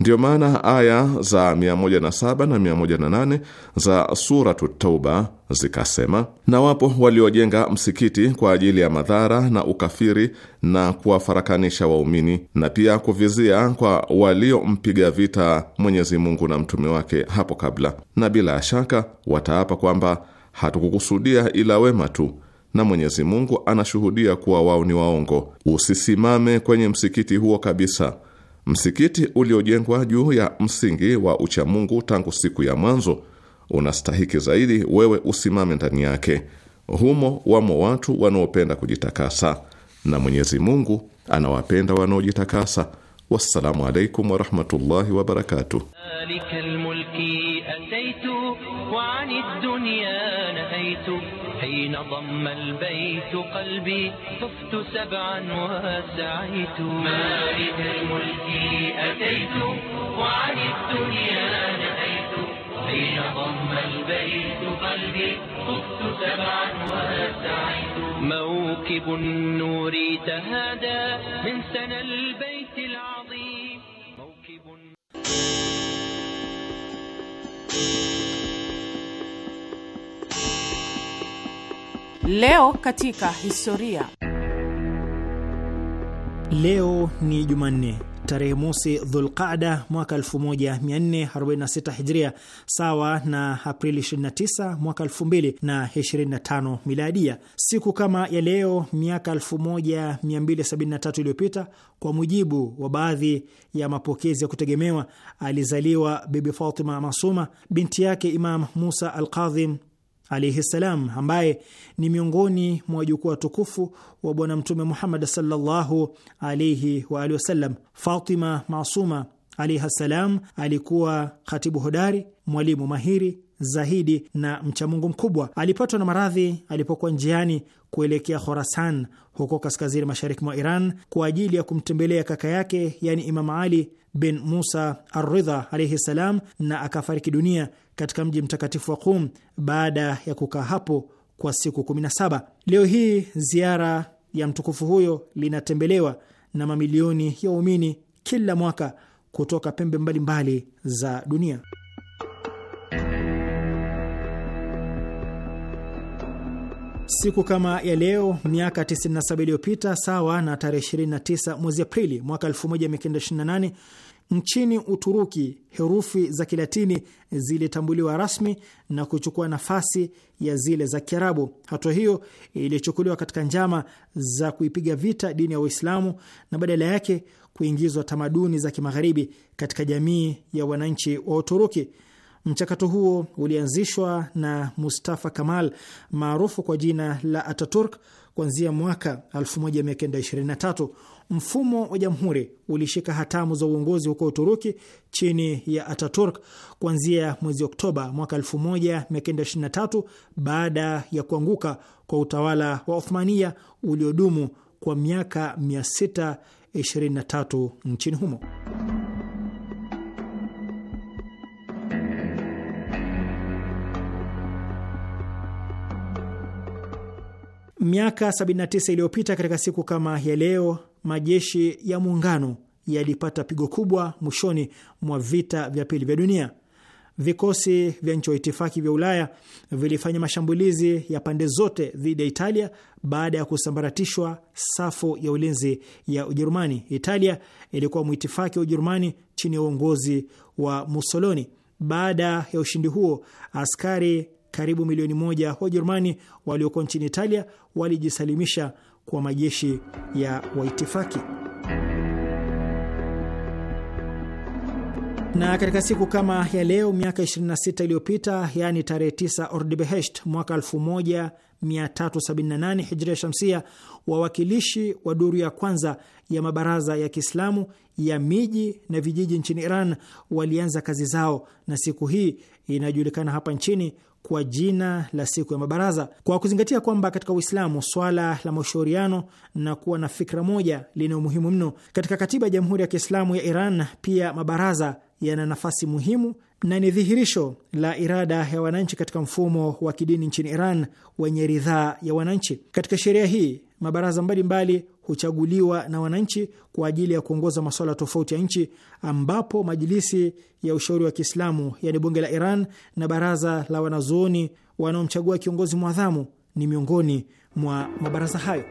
Ndiyo maana aya za 107 na 108 za Suratu Tauba zikasema, na wapo waliojenga msikiti kwa ajili ya madhara na ukafiri na kuwafarakanisha waumini, na pia kuvizia kwa waliompiga vita Mwenyezi Mungu na mtume wake hapo kabla, na bila shaka wataapa kwamba hatukukusudia ila wema tu na Mwenyezi Mungu anashuhudia kuwa wao ni waongo. Usisimame kwenye msikiti huo kabisa Msikiti uliojengwa juu ya msingi wa uchamungu tangu siku ya mwanzo unastahiki zaidi wewe usimame ndani yake. Humo wamo watu wanaopenda kujitakasa na Mwenyezi Mungu anawapenda wanaojitakasa. Wassalamu alaikum warahmatullahi wabarakatuh. حين ضم البيت قلبي خفت سبعا وسعيت مارد الملك أتيت وعن الدنيا نهيت حين ضم البيت قلبي خفت سبعا وسعيت موكب النور تهادى من سنى البيت العظيم موكب Leo katika historia. Leo ni Jumanne tarehe mosi Dhulqada mwaka 1446 Hijria, sawa na Aprili 29 mwaka 2025 Miladia. Siku kama ya leo miaka 1273 iliyopita, kwa mujibu wa baadhi ya mapokezi ya kutegemewa, alizaliwa Bibi Fatima Masuma, binti yake Imam Musa Alqadhim alaihi ssalam, ambaye ni miongoni mwa wajukuu watukufu wa Bwana Mtume Muhammad sallallahu alaihi wa alihi wasallam. Fatima Masuma alaihi ssalam alikuwa khatibu hodari, mwalimu mahiri, zahidi na mchamungu mkubwa. Alipatwa na maradhi alipokuwa njiani kuelekea Khorasan huko kaskazini mashariki mwa Iran kwa ajili ya kumtembelea kaka yake, yani Imam Ali bin Musa Arridha alaihi ssalam, na akafariki dunia katika mji mtakatifu wa Qum baada ya kukaa hapo kwa siku 17. Leo hii ziara ya mtukufu huyo linatembelewa na mamilioni ya waumini kila mwaka kutoka pembe mbalimbali mbali za dunia. Siku kama ya leo miaka 97 iliyopita, sawa na tarehe 29 mwezi Aprili mwaka 1928 Nchini Uturuki herufi za Kilatini zilitambuliwa rasmi na kuchukua nafasi ya zile za Kiarabu. Hatua hiyo ilichukuliwa katika njama za kuipiga vita dini ya Uislamu na badala yake kuingizwa tamaduni za Kimagharibi katika jamii ya wananchi wa Uturuki. Mchakato huo ulianzishwa na Mustafa Kamal maarufu kwa jina la Ataturk kuanzia mwaka 1923. Mfumo wa jamhuri ulishika hatamu za uongozi huko Uturuki chini ya Ataturk kuanzia mwezi Oktoba mwaka 1923 baada ya kuanguka kwa utawala wa Othmania uliodumu kwa miaka 623 nchini humo. Miaka 79 iliyopita katika siku kama ya leo majeshi ya muungano yalipata pigo kubwa mwishoni mwa vita vya pili vya dunia. Vikosi vya nchi wa itifaki vya Ulaya vilifanya mashambulizi ya pande zote dhidi ya Italia baada ya kusambaratishwa safu ya ulinzi ya Ujerumani. Italia ilikuwa mwitifaki wa Ujerumani chini ya uongozi wa Mussolini. Baada ya ushindi huo, askari karibu milioni moja wa Ujerumani waliokuwa nchini Italia walijisalimisha kwa majeshi ya waitifaki. Na katika siku kama ya leo miaka 26 iliyopita, yaani tarehe 9 Ordibehesht mwaka 1378 Hijria Shamsia, wawakilishi wa duru ya kwanza ya mabaraza ya Kiislamu ya miji na vijiji nchini Iran walianza kazi zao, na siku hii inajulikana hapa nchini kwa jina la siku ya mabaraza, kwa kuzingatia kwamba katika Uislamu swala la mashauriano na kuwa na fikra moja lina umuhimu mno. Katika katiba ya Jamhuri ya Kiislamu ya Iran pia mabaraza yana nafasi muhimu na ni dhihirisho la irada ya wananchi katika mfumo wa kidini nchini Iran wenye ridhaa ya wananchi. Katika sheria hii mabaraza mbalimbali huchaguliwa na wananchi kwa ajili ya kuongoza masuala tofauti ya nchi, ambapo majilisi ya ushauri wa Kiislamu, yani bunge la Iran, na baraza la wanazuoni wanaomchagua kiongozi mwadhamu ni miongoni mwa mabaraza hayo.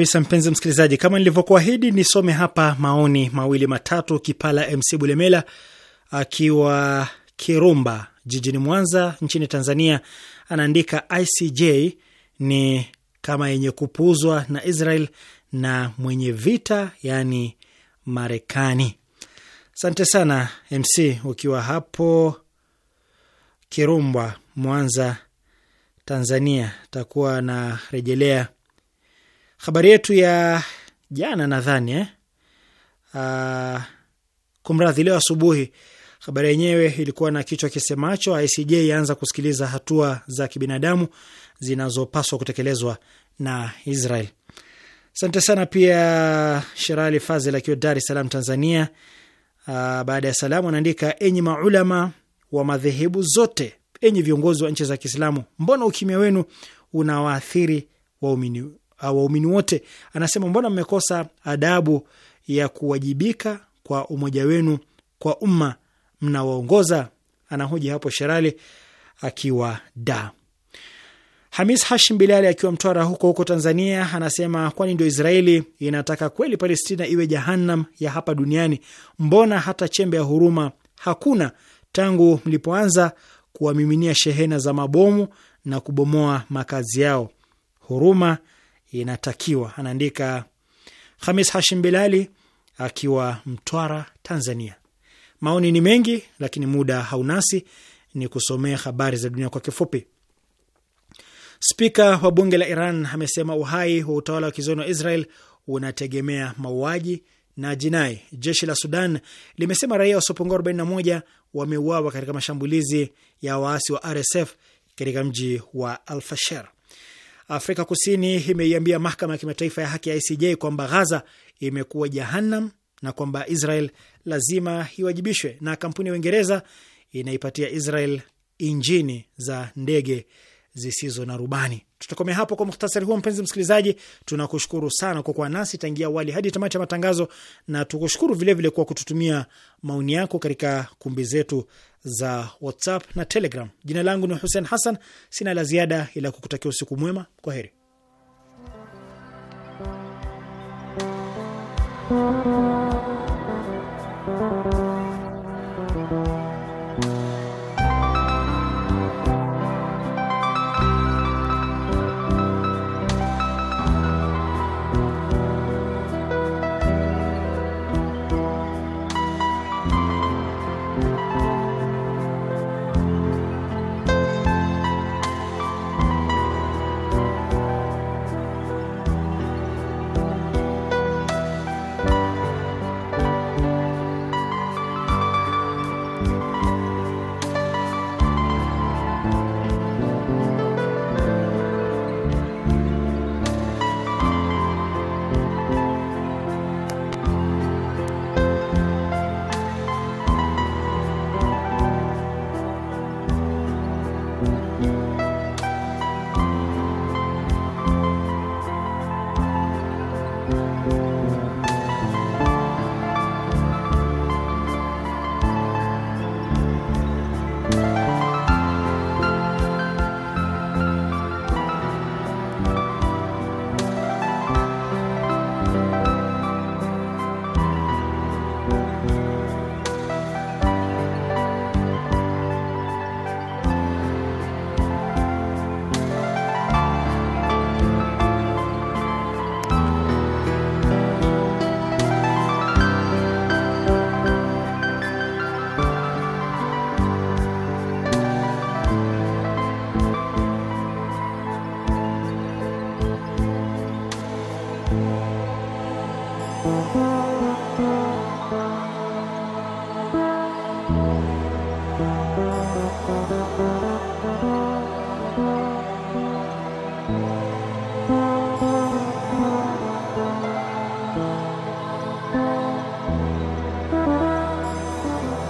kabisa mpenzi msikilizaji, kama nilivyokuahidi, nisome hapa maoni mawili matatu. Kipala MC Bulemela akiwa Kirumba jijini Mwanza nchini Tanzania anaandika ICJ ni kama yenye kupuuzwa na Israel na mwenye vita yaani Marekani. Asante sana MC ukiwa hapo Kirumba, Mwanza, Tanzania. Takuwa na rejelea habari yetu ya jana nadhani eh? Ah, kumradhi, leo asubuhi habari yenyewe ilikuwa na kichwa kisemacho ICJ yaanza kusikiliza hatua za kibinadamu zinazopaswa kutekelezwa na Israel. Asante sana pia Sherali Fazel akiwa Dar es Salaam, Tanzania. Ah, baada ya salamu anaandika, enyi maulama wa madhehebu zote, enyi viongozi wa nchi za Kiislamu, mbona ukimya wenu unawaathiri waumini waumini wote. Anasema, mbona mmekosa adabu ya kuwajibika kwa umoja wenu kwa umma mnawaongoza? Anahoja hapo Sherali akiwa da Hamis Hashim Bilali akiwa Mtwara huko huko Tanzania anasema kwani ndio Israeli inataka kweli Palestina iwe jahannam ya hapa duniani? Mbona hata chembe ya huruma hakuna tangu mlipoanza kuwamiminia shehena za mabomu na kubomoa makazi yao? Huruma inatakiwa. Anaandika Hamis Hashim Bilali akiwa Mtwara, Tanzania. Maoni ni mengi, lakini muda haunasi, ni kusomea habari za dunia kwa kifupi. Spika wa bunge la Iran amesema uhai wa utawala wa kizoni wa Israel unategemea mauaji na jinai. Jeshi la Sudan limesema raia wasiopungua 41 wameuawa katika mashambulizi ya waasi wa RSF katika mji wa Alfasher. Afrika Kusini imeiambia mahakama ya kimataifa ya haki ya ICJ kwamba Ghaza imekuwa jahannam na kwamba Israel lazima iwajibishwe, na kampuni ya Uingereza inaipatia Israel injini za ndege zisizo na rubani. Tutakomea hapo kwa muhtasari huo. Mpenzi msikilizaji, tunakushukuru sana kwa kuwa nasi tangia awali hadi tamati ya matangazo, na tukushukuru vilevile kwa kututumia maoni yako katika kumbi zetu za WhatsApp na Telegram. Jina langu ni Hussein Hassan, sina la ziada ila kukutakia usiku mwema. Kwa heri.